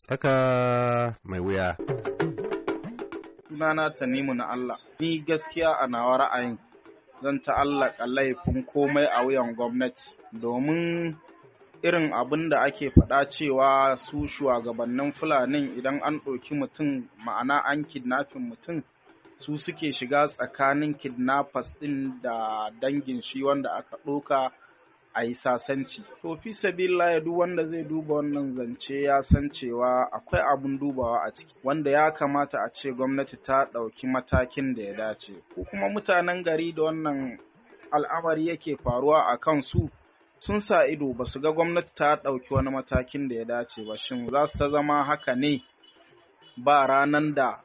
Tsaka mai wuya. Sunana Tanimu na Allah. Ni gaskiya a nawa ra'ayin zan ta'allaka laifin komai a wuyan gwamnati domin irin abin da ake faɗa cewa su shugabannin fulanin idan an ɗauki mutum ma'ana an kidnafin mutum su suke shiga tsakanin kidnappers ɗin da dangin shi wanda aka ɗoka a yi sasanci to fi sabila duk wanda zai duba wannan zance ya san cewa akwai abun dubawa a ciki wanda ya kamata a ce gwamnati ta ɗauki matakin da ya dace ko kuma mutanen gari da wannan al'amari yake faruwa a kansu sun sa ido ba su ga gwamnati ta ɗauki wani matakin da ya dace ba shin za su ta zama haka ne ba ranan da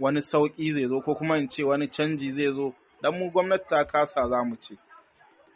wani sauƙi zai zo ko kuma in ce wani canji zai zo dan mu gwamnati ta kasa za mu ce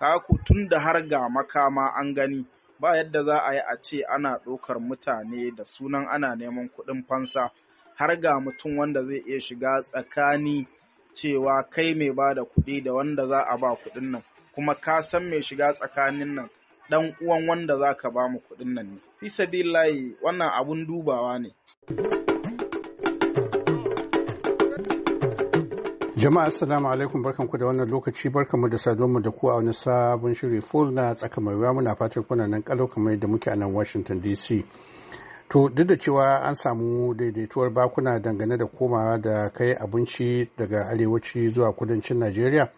Kaku, tun da har ga makama an gani ba yadda za a yi a ce ana ɗaukar mutane da sunan ana neman kuɗin fansa har ga mutum wanda zai iya shiga tsakani cewa kai mai ba da kuɗi da wanda za a ba kuɗin nan kuma ka san mai shiga tsakanin nan ɗan uwan wanda za ka ba mu kuɗin nan ne fi layi wannan abun dubawa ne. Jama'a assalamu alaikum barkanku da wannan lokaci barkanmu da saduwanmu da ku wani sabon shirin full na tsaka mai ruwa muna fatan kuna nan kalau kamar da muke a nan Washington DC. To duk da cewa an samu daidaituwar bakuna dangane da komawa da kai abinci daga arewaci zuwa kudancin Najeriya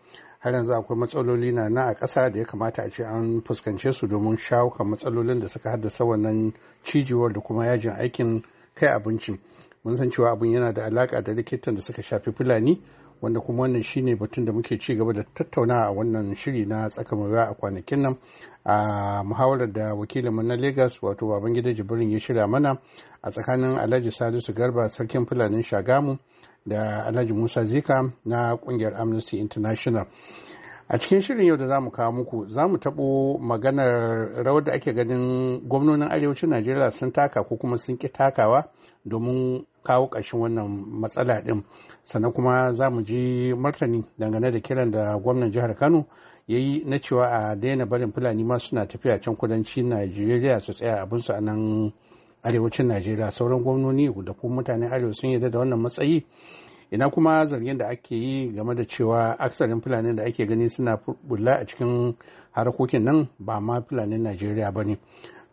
har yanzu akwai matsaloli na na a ƙasa da ya kamata a ce an fuskance su domin shawo kan matsalolin da suka haddasa wannan cijewar da kuma yajin aikin kai abinci Mun san cewa abin yana da alaƙa da likitan da suka shafi Fulani wanda kuma wannan shine batun da muke ci gaba da tattauna a wannan shiri na tsaka wuya a kwanakin nan a muhawarar da wakilinmu na lagos wato babangida jibrin ya shirya mana a tsakanin alhaji salisu garba sarkin fulanin shagamu da alhaji musa zika na kungiyar amnesty international A cikin shirin yau da za mu kawo muku za mu taɓo maganar rawar da ake ganin gwamnonin arewacin Najeriya sun taka ko kuma sun ƙi takawa domin kawo ƙarshen wannan matsala ɗin. Sannan kuma za mu ji martani dangane da kiran da gwamnan jihar Kano ya yi na cewa a daina barin Fulani ma suna tafiya can kudancin Najeriya su tsaya binsu a nan arewacin Najeriya sauran gwamnoni da kuma mutanen arewa sun yarda da wannan matsayi ina kuma zargin da ake yi game da cewa aksarin fulani da ake gani suna bulla a cikin harkokin nan ba ma fulani najeriya ba ne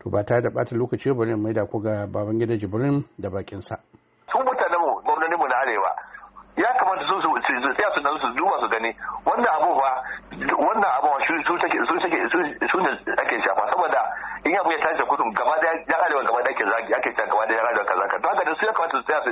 to ba ta da bata lokaci bari mai da ku ga baban gida jibrin da bakin sa su mutanen mu gwamnatin mu na arewa ya kamata su su tsaya su su duba su gani wannan abu ba wannan abu su take su take su ne ake shafa saboda in abu ya tashi kudin gaba daya ya arewa gaba daya ke zagi ake cewa gaba daya ya arewa kaza ka to haka da su ya kamata su tsaya su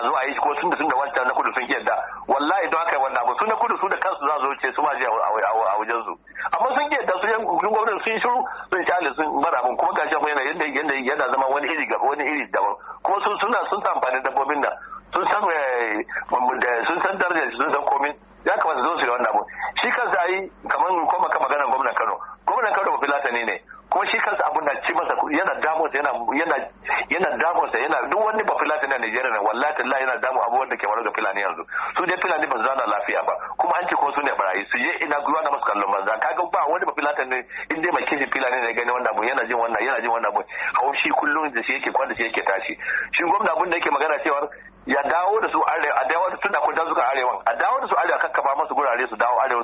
a zo a yi ko tunda tunda wancan na kudu sun ki yadda wallahi don haka wannan abu su na kudu su da kansu za su ce su ma je a wajen su amma sun ki yadda su yan gwamnatin sun shiru sun ci alisun bar abin kuma gashi akwai yana yadda yadda yana zama wani iri wani iri daban kuma sun suna sun san amfani dabbobin nan sun san eh, sun san darajar sun san komin ya kamata zo su yi wannan abu shi kansa yi kamar kuma ka maganar gwamnan Kano gwamnan Kano ba filatani ne kuma shi kansa abun na ci masa yana damunsa yana yana damunsa yana duk tallahi yana damu abubuwan da ke faru ga Fulani yanzu su ne Fulani ba zana lafiya ba kuma an ce ko su ne barayi su je ina gwiwa na masu kallon banza kaga ba wani ba Fulani ne in dai mai kishi Fulani ne gani wanda abu yana jin wannan yana jin wannan abu haushi kullum da shi yake kwanda shi yake tashi shi gwamna abin da yake magana cewa ya dawo da su arewa a dawo da su arewa a dawo da su arewa kakkafa masu gurare su dawo arewa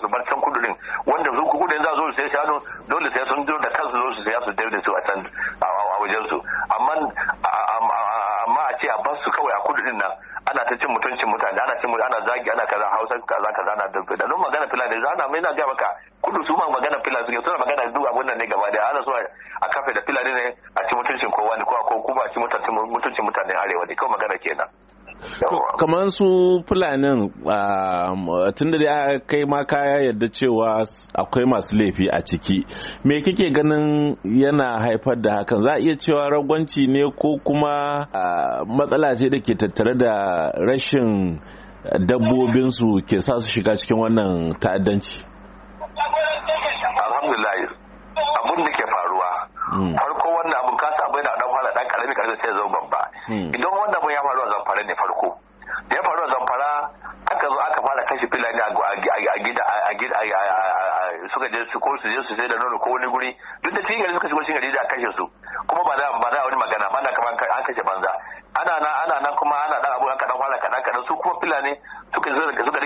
ne suna magana duk abun nan ne gaba da ana so a kafe da filani ne a ci mutuncin kowa ne ko kuma a ci mutuncin mutane arewa ne kawai magana kenan kamar su fulanin tun da kai ma kaya yadda cewa akwai masu laifi a ciki me kike ganin yana haifar da hakan za a iya cewa ragwanci ne ko kuma matsala ce da ke tattare da rashin dabbobinsu ke sa su shiga cikin wannan ta'addanci Hmm. farko wannan abun ka sa bai dan fara dan karami karami sai zo babba hmm. idan wannan mun ya faru a zamfara ne farko da ya faru a zamfara aka zo aka fara kashe filani a gida a gida suka je su ko su je su sai da nono ko wani guri duk da cikin gari suka shigo cikin gari da kashe su kuma ba za ba za wani magana ba na kamar an kashe banza ana nan ana nan kuma ana dan abu aka dan fara kadan kadan su kuma filani suka suka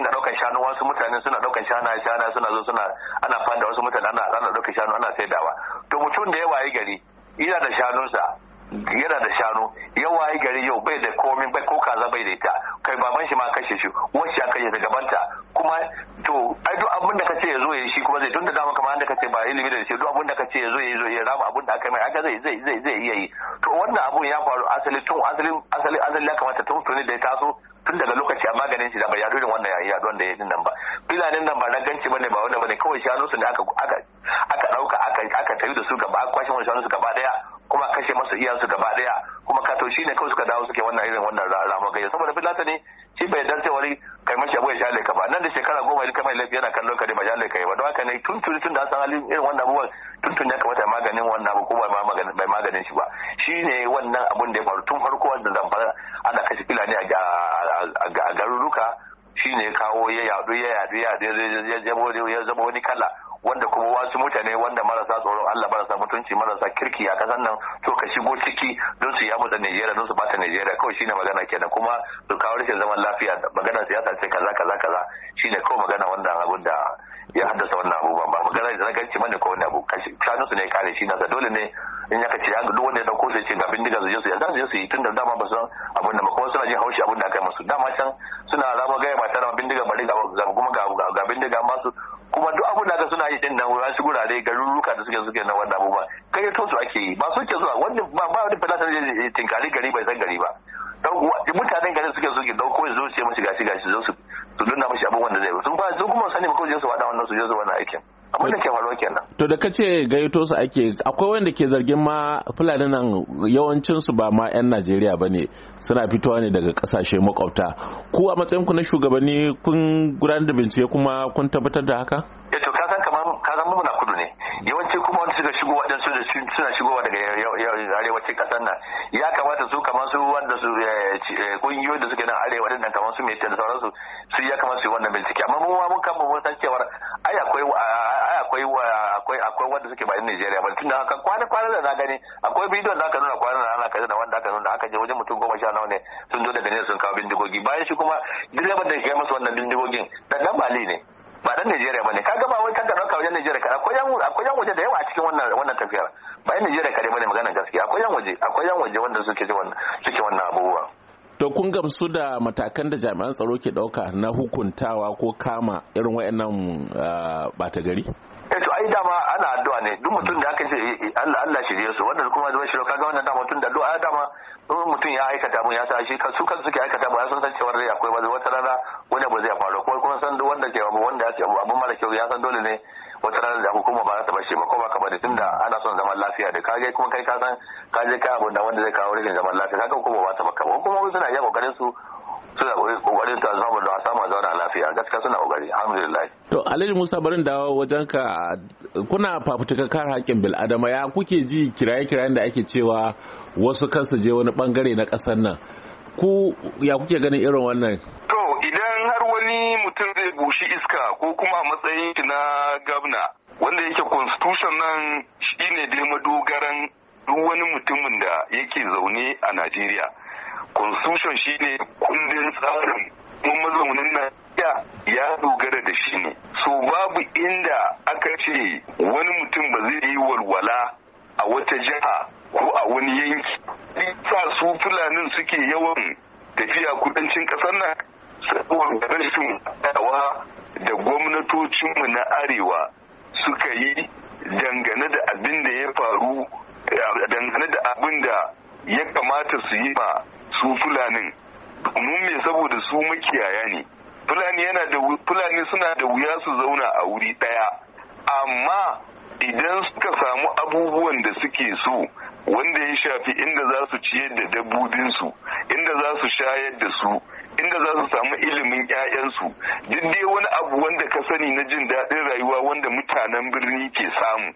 kaza bai da ita kai baban shi ma kashe shi wacce aka yi da ta kuma to ai duk abin da kace yazo yayi shi kuma zai tunda dama kamar da kace ba ilimi da shi duk abin da kace yazo yayi zo ya raba abin da aka mai aka zai zai zai zai iya yi to wannan abun ya faru asali tun asali asali asali ya kamata tun tuni da ya taso tun daga lokaci a maganin shi da bai yadurin wannan yayi yaduwan da ya yi nan ba filanin nan ba ganci bane ba wanda bane kawai shanu su ne aka aka aka dauka aka aka tayi da su gaba kwashin kwashe musu shanu su gaba daya kuma kashe masu iyansu gaba daya kuma ka taushi ne kawai suka dawo suke wannan irin wannan ramagaye saboda filata ne shi bai dan wari kai mashi abu ya sha laika ba nan da shekara goma ya kai laifi yana kallon ka da ba shale ka ba don haka ne tun tun tun da san halin irin wannan abubuwan tun tun ya kamata maganin wannan abu ko ba maganin bai maganin shi ba shi ne wannan abun da ya faru tun farko wanda zan fara ana kashe filani a garuruka shi ne kawo ya yadu ya yadu ya yadu ya zama wani kala wanda kuma wasu mutane wanda marasa tsoron Allah marasa mutunci marasa kirki a kasan nan to ka shigo ciki don su yamutsa Najeriya don su bata Najeriya kawai shine magana kenan kuma su kawo rashin zaman lafiya magana siyasa ce kaza kaza kaza shine kawai magana wanda abun da ya haddasa wannan abubuwan ba magana da zaganci mana ko wani abu shanu su ne kare shi nasa dole ne in ya kace ya duk wanda ya dauko sai ce ga bindiga su je su yarda su je su yi tunda dama ba su abun da kuma suna jin haushi abun da aka yi musu dama can suna rama gaya mata tara bindiga bari ga wurare garuruka da suke suke na wannan abubuwa kai to su ake yi ba su ke zuwa wannan ba wani falata ne tinkari gari bai san gari ba don mutanen garin suke suke dauko su ce mashi gashi gashi zo su su nuna mashi abubuwan da zai sun ba sun kuma sani ba ko su wada wannan su je su wannan aikin abin da ke faruwa kenan to da kace gayyato su ake akwai wanda ke zargin ma fulani nan yawancin su ba ma yan Najeriya bane suna fitowa ne daga kasashe makwabta ku a matsayin ku na shugabanni kun gudanar da bincike kuma kun tabbatar da haka eh to ka san yawanci kuma wanda suka shigo waɗansu da suna shigowa daga arewacin ƙasar nan ya kamata su kamar su wanda su eh, eh, ƙungiyoyi da suke nan arewa din nan kamar su mai da sauransu su ya kamata su yi wannan bincike amma mun mun kan mun san cewar ai akwai akwai akwai akwai wanda suke ba in Najeriya ba da haka kwana kwana da na gani akwai bidiyon da aka nuna kwana da ana kaza da wanda aka nuna aka je wajen mutum goma sha nawa ne sun zo daga ne sun kawo bindigogi bayan shi kuma direban da ya kai musu wannan bindigogin da dan Mali ne ba dan Najeriya bane kaga ba akwai yan waje da yawa a cikin wannan tafiyar ba yan Najeriya kare bane maganar gaskiya akwai yan waje akwai yan waje wanda suke suke wannan abubuwa to kun gamsu da matakan da jami'an tsaro ke dauka na hukuntawa ko kama irin wayannan bata ah, gari eh to ai dama ana addu'a ne duk mutum da aka ce eh, eh, Allah Allah shirye su wanda kuma zai shirye kaga wannan dama tun da addu'a dama mutum ya aikata mun ya sa shi su kan suke aikata ba ya san cewa dai akwai wata rana wani ba zai faru ko kuma san duk wanda ke abu wanda ya ce abu mara kyau ya san dole ne kaga kuma kai ka san ka je kai abun da wanda zai kawo rikin zaman lafiya kaga kuma ba ta baka ba kuma suna iya kokarin su suna kokarin ta zama da samu zauna lafiya gaskiya suna kokari alhamdulillah to alhaji musa barin dawo wajen ka kuna fafutukar kar haƙƙin bil'adama ya kuke ji kiraye-kirayen da ake cewa wasu kansu je wani bangare na ƙasar nan ku ya kuke ganin irin wannan zai bushi iska ko kuma a matsayin shi na gabna wanda yake constitution nan shine dai madogaran duk wani mutumin da yake zaune a Najeriya. Constitution shine kundin tsarin kuma mazaunin Najeriya ya dogara da shi ne. So babu inda aka ce wani mutum ba zai yi walwala a wata jiha ko a wani yanki. Sa su fulanin suke yawan tafiya kudancin ƙasar nan tsohon rashin dawa da gwamnatocinmu na arewa suka yi dangane da abin da ya faru dangane da abin da ya kamata su yi ma su fulanin domin me saboda su makiyaya ne fulani yana da fulani suna da wuya su zauna a wuri ɗaya. amma idan suka samu abubuwan da suke so wanda ya shafi inda za su ciyar da dabbobinsu inda za su shayar da su inda za su samu ilimin 'ya'yansu duk dai wani abu wanda ka sani na jin daɗin rayuwa wanda mutanen birni ke samu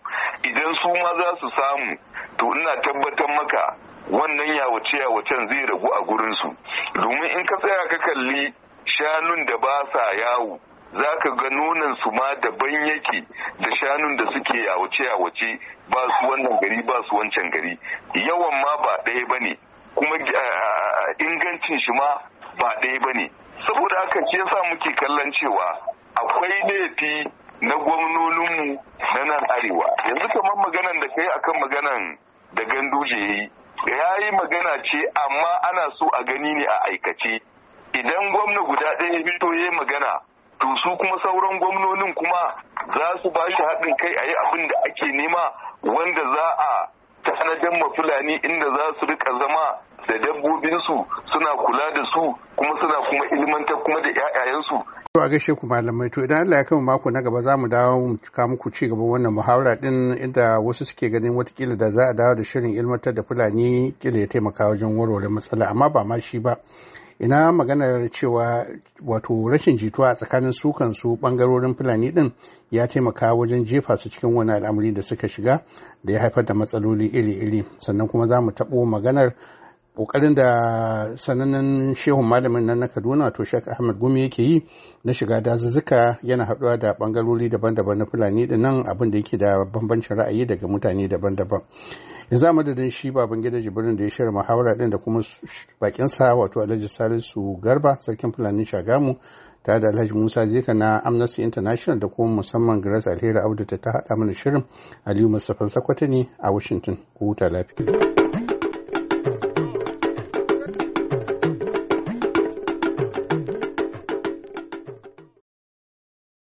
idan su ma za su samu to ina tabbatar maka wannan yawace yawacen zai ragu a gurinsu domin in ka tsaya ka kalli shanun da ba sa yawo za ka ga nonon su ma daban yake da shanun da suke yawace yawace ba su wannan gari ba su wancan gari yawan ma ba ɗaya ba ne kuma eh, ingancin shi ma ba ɗaya ba ne saboda haka ke yasa muke kallon cewa akwai laifi na gwamnoninmu na nan arewa yanzu kamar maganan da kai akan maganan da ganduje ya yi ya yi magana ce amma ana so a gani ne a aikace idan gwamna guda ɗaya ya fito ya yi magana to su kuma sauran gwamnonin kuma za su ba shi haɗin kai a yi abin da ake nema wanda za a tanadar ma fulani inda za su rika zama da dabbobinsu suna kula da su kuma suna kuma ilmantar kuma da ƴaƴayensu. To a gaishe ku malamai to idan Allah ya kama mako na gaba za mu dawo mu cika muku ci gaban wannan muhawara din inda wasu suke ganin watakila da za a dawo da shirin ilmantar da Fulani kila ya taimaka wajen warware matsala amma ba ma shi ba. Ina maganar cewa wato rashin jituwa a tsakanin su kansu bangarorin Fulani din ya taimaka wajen jefa su cikin wani al'amari da suka shiga da ya haifar da matsaloli iri-iri sannan kuma za mu taɓo maganar ƙoƙarin da sanannen shehun malamin nan na kaduna to shek ahmad gumi yake yi na shiga dazuzzuka yana haɗuwa da ɓangarori daban-daban na fulani da nan abin da yake da bambancin ra'ayi daga mutane daban-daban yanzu a madadin shi baban gida jibirin da ya shirya muhawara ɗin da kuma sa wato alhaji salisu garba sarkin fulani shagamu tare da alhaji musa zeka na amnesty international da kuma musamman grace alheri audu ta haɗa mana shirin aliyu mustapha sakwata ne a washington ko huta lafiya